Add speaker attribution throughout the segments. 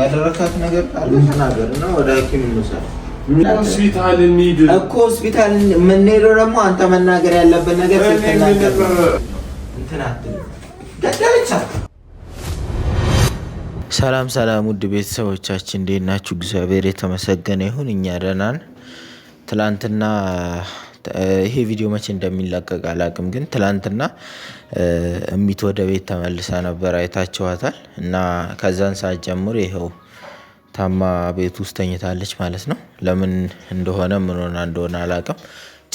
Speaker 1: ያደረካት ነገር ተናገር እና ወደ ሐኪም እንውሰድ ሆስፒታል እንሂድ እኮ ሆስፒታል የምንሄደው ደግሞ አንተ መናገር ያለብን ነገር ሰላም ሰላም፣ ውድ ቤተሰቦቻችን እንዴት ናችሁ? እግዚአብሔር የተመሰገነ ይሁን፣ እኛ ደህና ነን። ትላንትና ይሄ ቪዲዮ መቼ እንደሚለቀቅ አላቅም፣ ግን ትላንትና እሚት ወደ ቤት ተመልሳ ነበር አይታችኋታል። እና ከዛን ሰዓት ጀምሮ ይኸው ታማ ቤት ውስጥ ተኝታለች ማለት ነው። ለምን እንደሆነ ምን ሆና እንደሆነ አላቅም።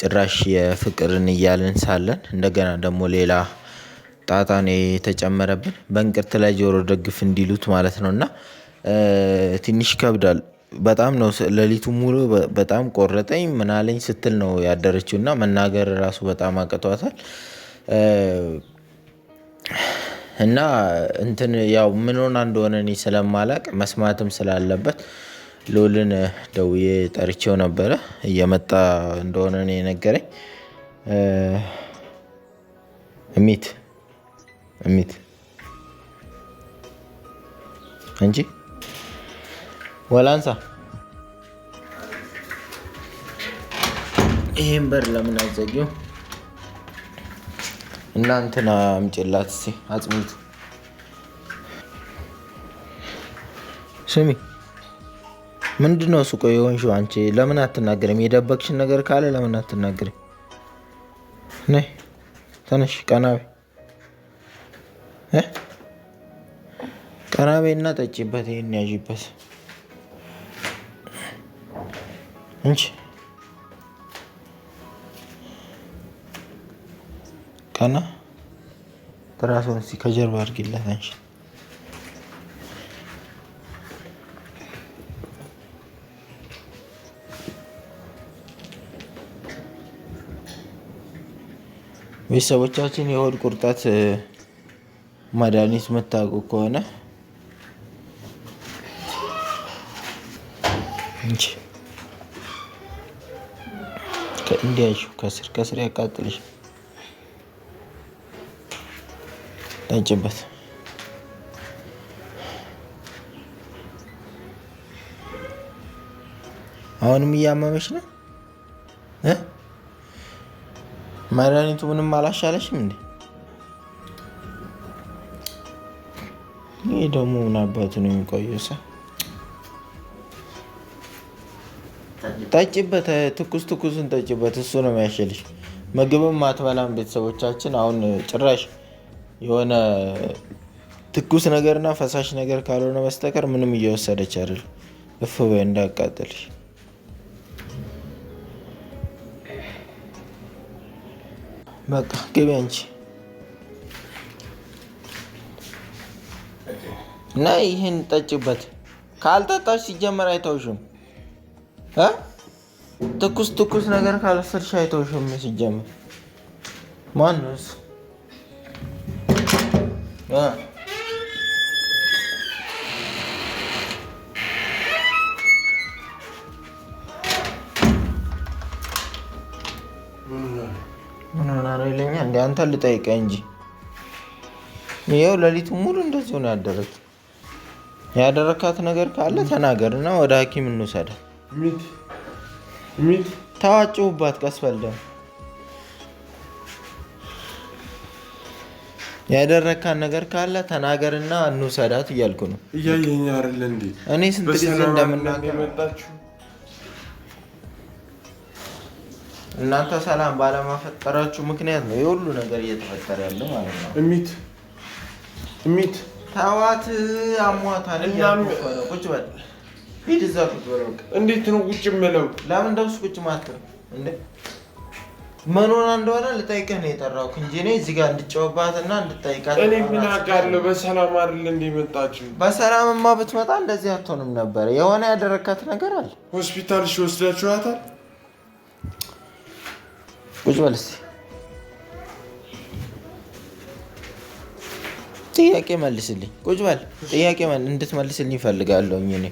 Speaker 1: ጭራሽ የፍቅርን እያልን ሳለን እንደገና ደግሞ ሌላ ጣጣ ነው የተጨመረብን። በእንቅርት ላይ ጆሮ ደግፍ እንዲሉት ማለት ነው እና ትንሽ ይከብዳል። በጣም ነው ሌሊቱ ሙሉ በጣም ቆረጠኝ ምናለኝ ስትል ነው ያደረችው እና መናገር ራሱ በጣም አቅቷታል። እና እንትን ያው ምን ሆና እንደሆነ እኔ ስለማላቅ መስማትም ስላለበት ሎልን ደውዬ ጠርቼው ነበረ እየመጣ እንደሆነ ነው ነገረኝ። እሚት እሚት እንጂ ወላንሳ ይህን በር ለምን አዘጊው? እናንተን አምጭላት ሲ አጽሚት ስሚ፣ ምንድን ነው ሱቆ የሆንሽው አንቺ ለምን አትናገርም? የደበቅሽን ነገር ካለ ለምን አትናገርም? ነይ ተነሽ፣ ቀናቤ ቀናቤ እና ጠጪበት፣ ይህን ያዥበት እንጂ ከና ትራሱን እስቲ ከጀርባ አድርጊላት አንቺ። ቤተሰቦቻችን የሆድ ቁርጠት መድኃኒት የምታውቁ ከሆነ እንጂ እንዲያይሽው ከስር ከስር ያቃጥልሽ ዳጭበት። አሁንም እያመመሽ ነው። መድኃኒቱ ምንም አላሻለሽም እንዴ? ይህ ደግሞ ምን አባቱ ነው የሚቆየው ሰው ጠጭበት፣ ትኩስ ትኩስን ጠጭበት። እሱ ነው የሚያሸልሽ። ምግብም ማትበላም ቤተሰቦቻችን አሁን ጭራሽ የሆነ ትኩስ ነገርና ፈሳሽ ነገር ካልሆነ በስተቀር ምንም እየወሰደች አይደል። እፍ በይ እንዳያቃጥልሽ። በቃ ግቢ አንቺ እና ይህን ጠጭበት። ካልጠጣሽ ሲጀመር አይተውሽም እ ትኩስ ትኩስ ነገር ካልፈርሽ አይተውሽም። ሲጀምር ማን ነው እሱ? ምን ሆና ነው ይለኛል። እንደ አንተ ልጠይቀ እንጂ ይኸው ሌሊቱ ሙሉ እንደዚሁ ነው ያደረግ ያደረካት ነገር ካለ ተናገርና ወደ ሐኪም እንውሰዳል። ታዋጭሁባት ቀስ በለ ያደረካን ነገር ካለ ተናገርና እንውሰዳት እያልኩ ነው።
Speaker 2: እያየኝ አይደለ እንዴ?
Speaker 1: እኔ ስንት ጊዜ እንደምናገር እናንተ ሰላም ባለማፈጠራችሁ ምክንያት ነው የሁሉ ነገር እየተፈጠረ ያለ ማለት
Speaker 2: ነው። እሚት እሚት
Speaker 1: ታዋት አሟታል ቁጭ በል ሂድ እዛ ቁጭ በለው።
Speaker 2: እንዴት ነው ቁጭ የምለው?
Speaker 1: ለምን እንደውስ ቁጭ ማለት እንዴ? ምን ሆና እንደሆነ ልጠይቅህ ነው የጠራሁት እንጂ እኔ እዚህ ጋር እንድጨውባት እና እንድጠይቃት
Speaker 2: እኔ ምን አውቃለሁ። በሰላም አይደል እንደ የመጣችው?
Speaker 1: በሰላምማ ብትመጣ እንደዚህ አትሆንም ነበር። የሆነ ያደረካት ነገር አለ።
Speaker 2: ሆስፒታል እሺ፣ ወስዳችኋታል?
Speaker 1: ቁጭ በል እስኪ። ጥያቄ መልስልኝ። ቁጭ በል ጥያቄ እንድትመልስልኝ እፈልጋለሁ እኔ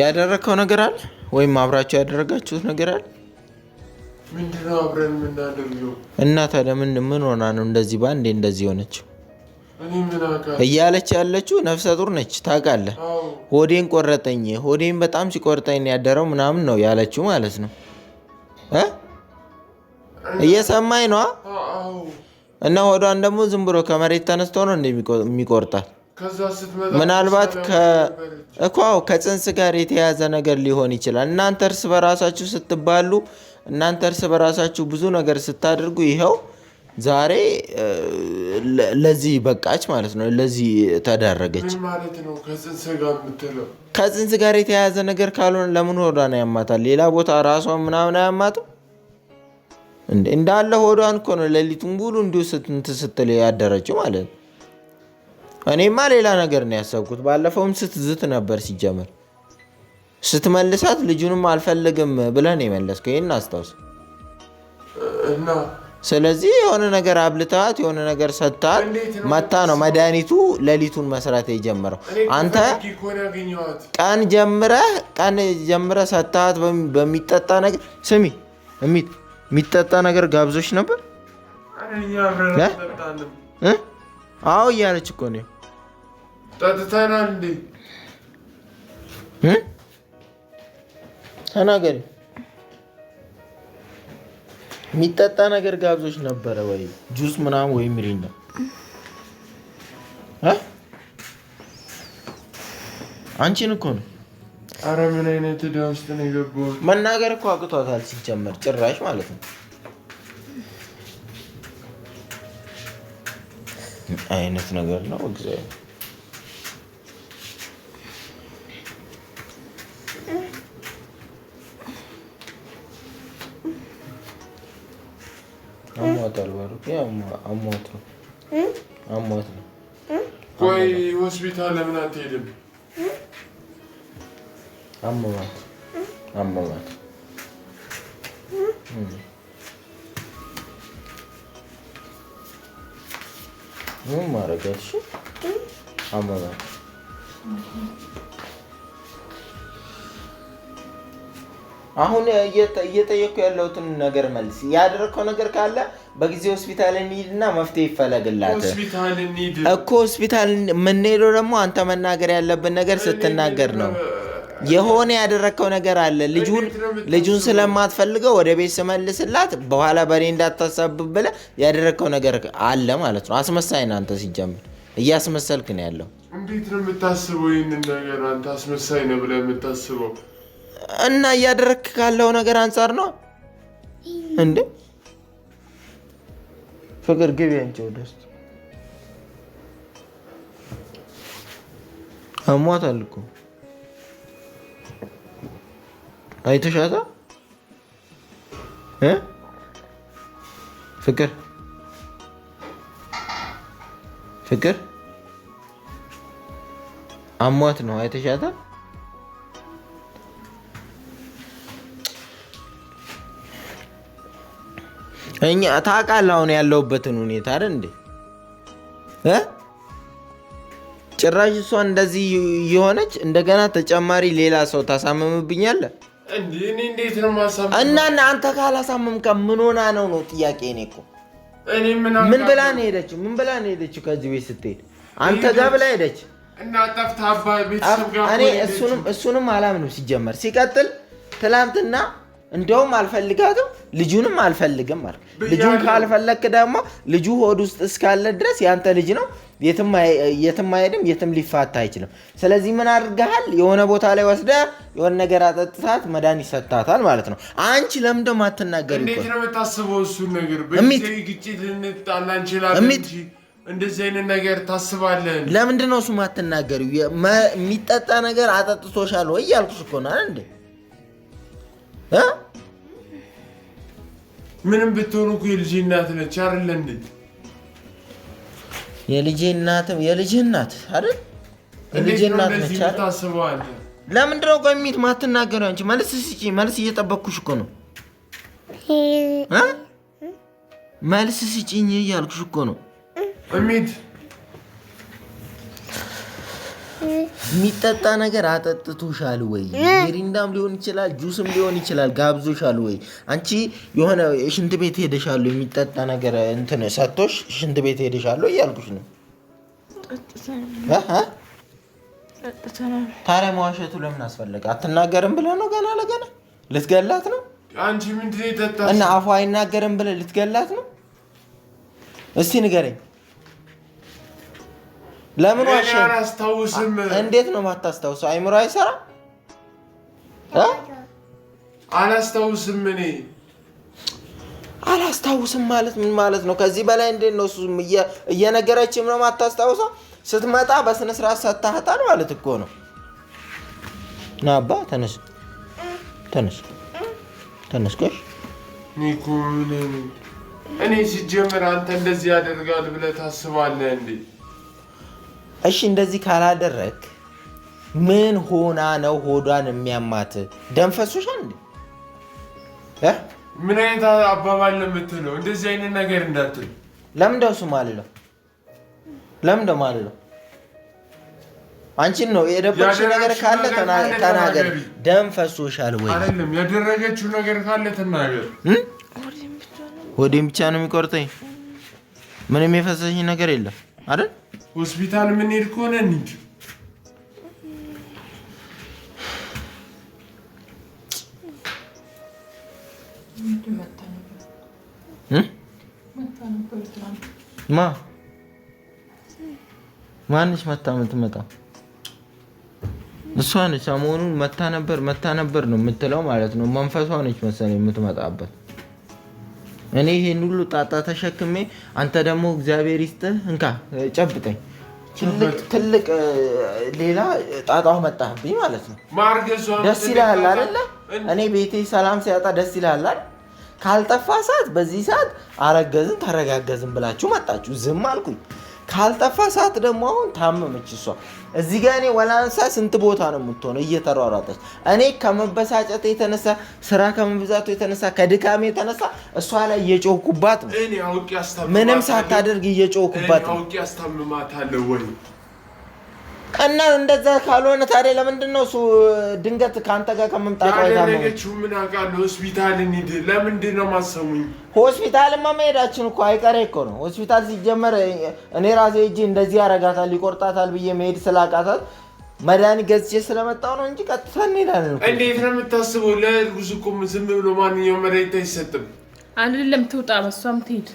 Speaker 1: ያደረግከው ነገር አለ ወይም አብራችሁ ያደረጋችሁት ነገር አለ?
Speaker 2: ምንድነው አብረን የምናደርገው?
Speaker 1: እና ታዲያ ምን ምን ሆና ነው እንደዚህ በአንዴ እንደዚህ ሆነችው? እያለች ያለችው ነፍሰ ጡር ነች። ታውቃለህ፣ ሆዴን ቆረጠኝ፣ ሆዴን በጣም ሲቆርጠኝ ያደረው ምናምን ነው ያለችው ማለት ነው። እየሰማኝ ነዋ እና ሆዷን ደግሞ ዝም ብሎ ከመሬት ተነስቶ ነው እንደ የሚቆርጣት ምናልባት እኳው ከፅንስ ጋር የተያዘ ነገር ሊሆን ይችላል። እናንተ እርስ በራሳችሁ ስትባሉ፣ እናንተ እርስ በራሳችሁ ብዙ ነገር ስታደርጉ ይኸው ዛሬ ለዚህ በቃች ማለት ነው። ለዚህ ተዳረገች። ከፅንስ ጋር የተያያዘ ነገር ካልሆነ ለምን ሆዷን ያማታል? ሌላ ቦታ ራሷን ምናምን አያማትም? እንዳለ ሆዷን እኮ ነው ሌሊቱን ሙሉ እንዲሁ እንትን ስትል ያደረችው ማለት ነው። እኔማ ሌላ ነገር ነው ያሰብኩት። ባለፈውም ስትዝት ነበር ሲጀምር ስትመልሳት ልጁንም አልፈልግም ብለን ነው የመለስከው። ይህን አስታውስ። ስለዚህ የሆነ ነገር አብልታት የሆነ ነገር ሰጥታት መታ ነው መድኃኒቱ ሌሊቱን መስራት የጀመረው። አንተ ቀን ጀምረህ ቀን ጀምረህ ሰጥታት በሚጠጣ ነገር ስሚ እሚት የሚጠጣ ነገር ጋብዞች ነበር። አዎ እያለች እኮ ነው። ተናገሪ። የሚጠጣ ነገር ጋብዞች ነበረ ወይ? ጁስ ምናምን ወይም ሚሪንዳ አንቺን እኮ ነው
Speaker 2: አረ ምን አይነት ዕዳ ውስጥ ነው የገባው?
Speaker 1: መናገር እኮ አቅቷታል ሲጀመር ጭራሽ ማለት ነው። አይነት ነገር ነው እግዚአብሔር አሟታል። ባሩክ አሟት ነው አሟት ነው።
Speaker 2: ቆይ ሆስፒታል ለምን አትሄድም?
Speaker 1: አመማት አመማት። ምን ማረጋት? እሺ አመማት። አሁን እየጠየኩ ያለሁትን ነገር መልስ። ያደረግከው ነገር ካለ በጊዜ ሆስፒታል እንሂድና መፍትሄ ይፈለግላት እኮ ሆስፒታል የምንሄደው ደግሞ አንተ መናገር ያለብን ነገር ስትናገር ነው። የሆነ ያደረግከው ነገር አለ። ልጁን ልጁን ስለማትፈልገው ወደ ቤት ስመልስላት በኋላ በእኔ እንዳታሳብብ ብለህ ያደረግከው ነገር አለ ማለት ነው። አስመሳይ ነህ አንተ። ሲጀምር እያስመሰልክ ነው ያለው።
Speaker 2: እንዴት ነው የምታስበው ይህንን ነገር አንተ? አስመሳይ ነህ ብለህ የምታስበው
Speaker 1: እና እያደረግክ ካለው ነገር አንጻር ነው እንዴ? ፍቅር ግቢ አንቺ ወደ ውስጥ አሟታል እኮ አይተሻታ እ ፍቅር ፍቅር አሟት ነው። አይተሻታ እኛ ታውቃለህ አሁን ያለሁበትን ሁኔታ አይደል እንዴ? ጭራሽ እሷ እንደዚህ የሆነች እንደገና ተጨማሪ ሌላ ሰው ታሳምምብኛለህ። እና አንተ ካላሳመምከ ምን ሆና ነው ነው ጥያቄ። እኔ እኮ ምን ብላ ነው ሄደችው? ምን ብላ ነው ሄደችው? ከዚህ ቤት ስትሄድ አንተ ጋር ብላ ሄደች። እኔ እሱንም አላምንም ሲጀመር። ሲቀጥል ትላንትና እንደውም አልፈልጋትም ልጁንም አልፈልግም አልክ። ልጁን ካልፈለክ ደግሞ ልጁ ሆድ ውስጥ እስካለ ድረስ የአንተ ልጅ ነው የትም አይሄድም፣ የትም ሊፋታ አይችልም። ስለዚህ ምን አድርገሃል? የሆነ ቦታ ላይ ወስደ የሆነ ነገር አጠጥታት መዳን ይሰጣታል ማለት ነው። አንቺ ለምንድን ነው የማትናገሪው?
Speaker 2: እንዴት ነው የምታስበው? እሱን ነገር ግጭት ልንጣላ እንችላለን እንደዚህ አይነት ነገር ታስባለን።
Speaker 1: ለምንድን ነው እሱ የማትናገሪው? የሚጠጣ ነገር አጠጥቶሻል ወይ እያልኩሽ እኮ ነው እንዴ
Speaker 2: ምንም ብትሆኑ እኮ የልጅ እናት ነች አይደል?
Speaker 1: የልጄ እናትም የልጅህ እናት አይደል?
Speaker 2: የልጅ እናት ነች።
Speaker 1: ለምንድን ነው ቆይ ማትናገሩ? አንቺ? መልስ ስጪ። መልስ እየጠበቅኩሽ እኮ ነው። መልስ ስጪኝ እያልኩሽ እኮ ነው። የሚጠጣ ነገር አጠጥቶሻል ወይ? ሚሪንዳም ሊሆን ይችላል፣ ጁስም ሊሆን ይችላል። ጋብዞሻል ወይ? አንቺ የሆነ ሽንት ቤት ሄደሻል የሚጠጣ ነገር እንትን ሰጥቶሽ ሽንት ቤት ሄደሻል እያልኩሽ ነው። ታዲያ መዋሸቱ ለምን አስፈለገ? አትናገርም ብለህ ነው? ገና ለገና ልትገላት ነው እና አፏ አይናገርም ብለህ ልትገላት ነው? እስቲ ንገረኝ። ለምን ዋሸ? እንዴት ነው የማታስታውሰው አይምሮ አይሰራ?
Speaker 2: አላስታውስም እኔ
Speaker 1: አላስታውስም ማለት ምን ማለት ነው? ከዚህ በላይ እንዴት ነው? እሱ እየነገረችም ነው የማታስታውሰው ስትመጣ በስነ ስርዓት ሰታህታን ማለት እኮ ነው። ና አባ ተነስ፣ ተነስ፣ ተነስ። ቆይ
Speaker 2: እኔ ሲጀምር አንተ እንደዚህ ያደርጋል ብለህ ታስባለህ እንዴ?
Speaker 1: እሺ እንደዚህ ካላደረግ ምን ሆና ነው ሆዷን የሚያማት? ደም ፈሶሻል እ
Speaker 2: ምን አይነት አባባል ነው የምትለው? እንደዚህ አይነት ነገር እንዳትል።
Speaker 1: ለምንደው ደው ስም አልለው ለምን ደው አልለው አንቺን ነው የደበቅሽ ነገር ካለ ተናገር። ደም ፈሶሻል ወይ
Speaker 2: አይደለም? ያደረገችው ነገር ካለ ተናገር።
Speaker 1: ሆዴን ብቻ ነው የሚቆርጠኝ። ምንም የፈሰሰኝ ነገር የለም። አይደል?
Speaker 2: ሆስፒታል የምንሄድ ከሆነ እንሂድ።
Speaker 1: ማ ማንሽ መታ የምትመጣ? እሷ ነች። ሰሞኑን መታ ነበር መታ ነበር ነው የምትለው ማለት ነው። መንፈሷ ነች መሰለኝ የምትመጣበት እኔ ይሄን ሁሉ ጣጣ ተሸክሜ አንተ ደግሞ እግዚአብሔር ይስጥህ እንካ ጨብጠኝ። ትልቅ ሌላ ጣጣው መጣብኝ ማለት ነው። ደስ ይልሃል አይደለ? እኔ ቤቴ ሰላም ሲያጣ ደስ ይልሃል አይደል? ካልጠፋ ሰዓት በዚህ ሰዓት አረገዝን ተረጋገዝን ብላችሁ መጣችሁ። ዝም አልኩኝ። ካልጠፋ ሰዓት ደግሞ አሁን ታመመች እሷ። እዚህ ጋ እኔ ወላንሳ ስንት ቦታ ነው የምትሆነው እየተሯሯጠች። እኔ ከመበሳጨት የተነሳ ስራ ከመብዛቱ የተነሳ ከድካም የተነሳ እሷ ላይ እየጮኩባት ነው። ምንም ሳታደርግ እየጮኩባት ነው። እና እንደዛ ካልሆነ ታዲያ ለምንድን ነው እሱ ድንገት ከአንተ ጋር ከመምጣት
Speaker 2: ያደረገችው? ምን አውቃለሁ። ሆስፒታል እንሂድ። ለምንድን ነው ማሰሙኝ?
Speaker 1: ሆስፒታልማ መሄዳችን እኮ አይቀሬ እኮ ነው። ሆስፒታል ሲጀመር እኔ ራሴ እጅ እንደዚህ ያረጋታል ይቆርጣታል ብዬ መሄድ ስላቃታት መድኃኒት ገዝቼ ስለመጣሁ ነው እንጂ ቀጥታ እንሄዳለን።
Speaker 2: እንዴት ነው የምታስበው? ለእርጉዝ እኮ ዝም ብሎ ማንኛውም መድኃኒት አይሰጥም።
Speaker 3: አይደለም ትውጣ፣ በሷም ትሄድ።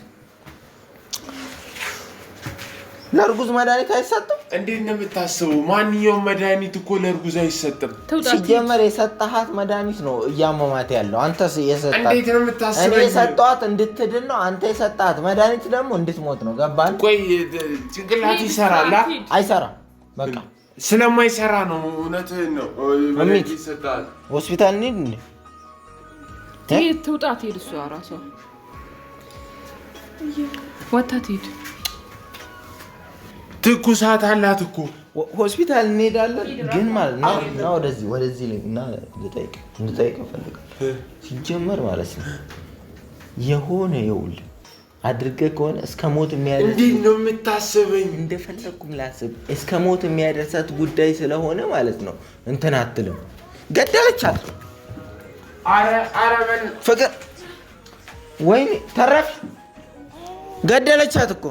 Speaker 1: ለእርጉዝ መድኃኒት አይሰጥም
Speaker 2: እንዴት ነው የምታስበው? ማንኛውም መድኃኒት እኮ ለእርጉዝ አይሰጥም።
Speaker 1: ሲጀመር የሰጠሃት መድኃኒት ነው እያመማት ያለው አንተ የሰጣት። እኔ የሰጠኋት እንድትድን ነው፣ አንተ የሰጠሃት መድኃኒት ደግሞ እንድትሞት ነው። ገባህ?
Speaker 2: ቆይ ጭንቅላት ይሰራል
Speaker 1: አይሰራም? በቃ
Speaker 2: ስለማይሰራ ነው። እውነትህን ነው።
Speaker 1: ሆስፒታል እንሂድ እንዴ?
Speaker 3: ሄድ እሷ ራሷ ወታት ሄድ
Speaker 2: ትኩሳት አላት እኮ
Speaker 1: ሆስፒታል እንሄዳለን። ግን ማለት ነው ወደዚህ ወደዚህ እና ልጠይቅ ፈልጋለሁ። ሲጀመር ማለት ነው የሆነ የውል አድርገ ከሆነ እስከ ሞት የሚያደርስ
Speaker 2: እንዴት ነው የምታስበኝ?
Speaker 1: እንደፈለግኩም ላስብ እስከ ሞት የሚያደርሳት ጉዳይ ስለሆነ ማለት ነው እንትን አትልም። ገደለቻት ፍቅር ወይኔ ተረፍ ገደለቻት እኮ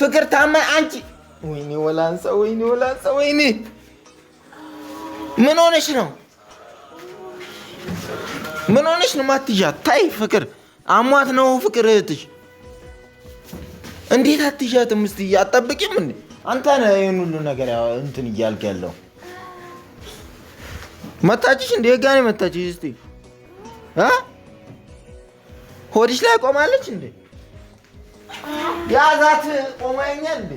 Speaker 1: ፍቅር ታማኝ አንቺ ወይኔ ወላንሳ ወይኔ ወላንሳ ወይኔ ምን ሆነሽ ነው? ምን ሆነሽ ነው? ማትይዣት ታይ ፍቅር አሟት ነው ፍቅር እህትሽ እንዴት አትይዣትም? እስኪ አትጠብቂም እንዴ? አንተ ነህ ይሄን ሁሉ ነገር ያው እንትን እያልክ ያለው መታችሽ እንዴ? ጋኔ መታችሽ እስኪ ሆድሽ ላይ ቆማለች እንዴ? ያዛት ቆማኛ እንዴ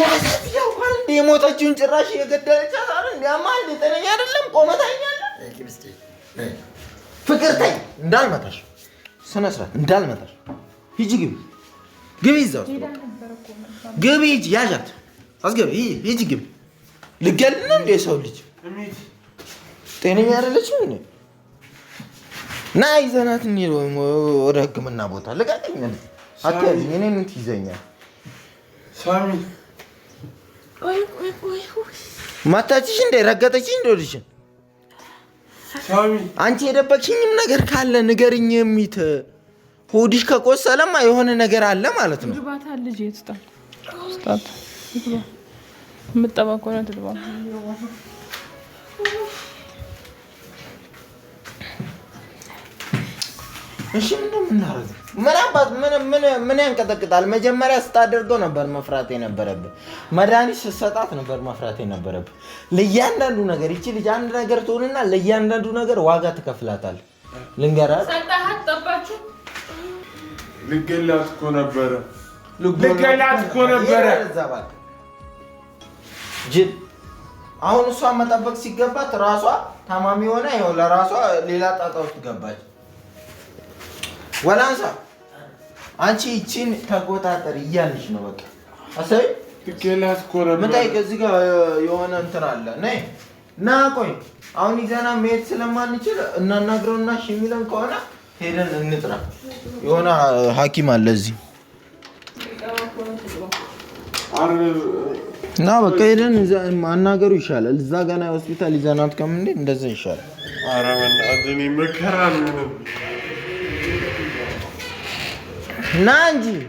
Speaker 1: ያዛት እያልኳል እንዴ የሞተችውን ጭራሽ የገደለቻት አለ እንዲያማ እንዴ ጤነኛ አይደለም። ቆመታኛ ፍቅር ተይ እንዳልመታሽ ስነ ስርዓት እንዳልመታሽ። ሂጂ ግቢ ግቢ፣ እዛ ውስጥ ግቢ ሂጂ፣ ያዣት አስገቢ ሂጂ ግቢ። ልገልን እንዴ ሰው ልጅ ጤነኛ አይደለችም እንዴ ና ይዘናት እንሂድ፣ ወይም ወደ ሕክምና ቦታ ልቀቀኝ። አትያዝኝ፣ እኔን ትይዘኛል። ማታችሽ እንደ ረገጠችሽ እንደ ወደድሽን። አንቺ የደበቅሽኝም ነገር ካለ ንገርኝ። የሚት ሆድሽ ከቆሰለማ የሆነ ነገር አለ ማለት ነው። ልጅ እሺ ምን ነው ምን አባት ምን ምን ምን ያንቀጠቅጣል? መጀመሪያ ስታደርገው ነበር መፍራት የነበረብህ። መድኃኒት ስትሰጣት ነበር መፍራት የነበረብህ። ለእያንዳንዱ ነገር ይቺ ልጅ አንድ ነገር ትሆንና ለእያንዳንዱ ነገር ዋጋ ትከፍላታል። ልንገራት፣
Speaker 2: ልገላት እኮ ነበረ፣ ልገላት እኮ ነበረ።
Speaker 1: ጅል አሁን እሷ መጠበቅ ሲገባት ራሷ ታማሚ ሆነ፣ ይኸው ለራሷ ሌላ ጣጣ ውስጥ ገባች። ወላንሳ አንቺ ይቺን ተቆጣጠር እያለች ነው። በቃ አሰይ ከዚህ ጋር የሆነ እንትን አለ። ነይ ና ቆይ አሁን ይዘና መሄድ ስለማንችል እናናግረውና እሺ የሚለን ከሆነ ሄደን እንጥራ። የሆነ ሐኪም አለ እዚህ እና በቃ ሄደን ማናገሩ ይሻላል። እዛ ገና ሆስፒታል ይዘናት ከምንሄድ እንደዛ ይሻላል።
Speaker 2: አረ መከራ ነው
Speaker 1: Nandi!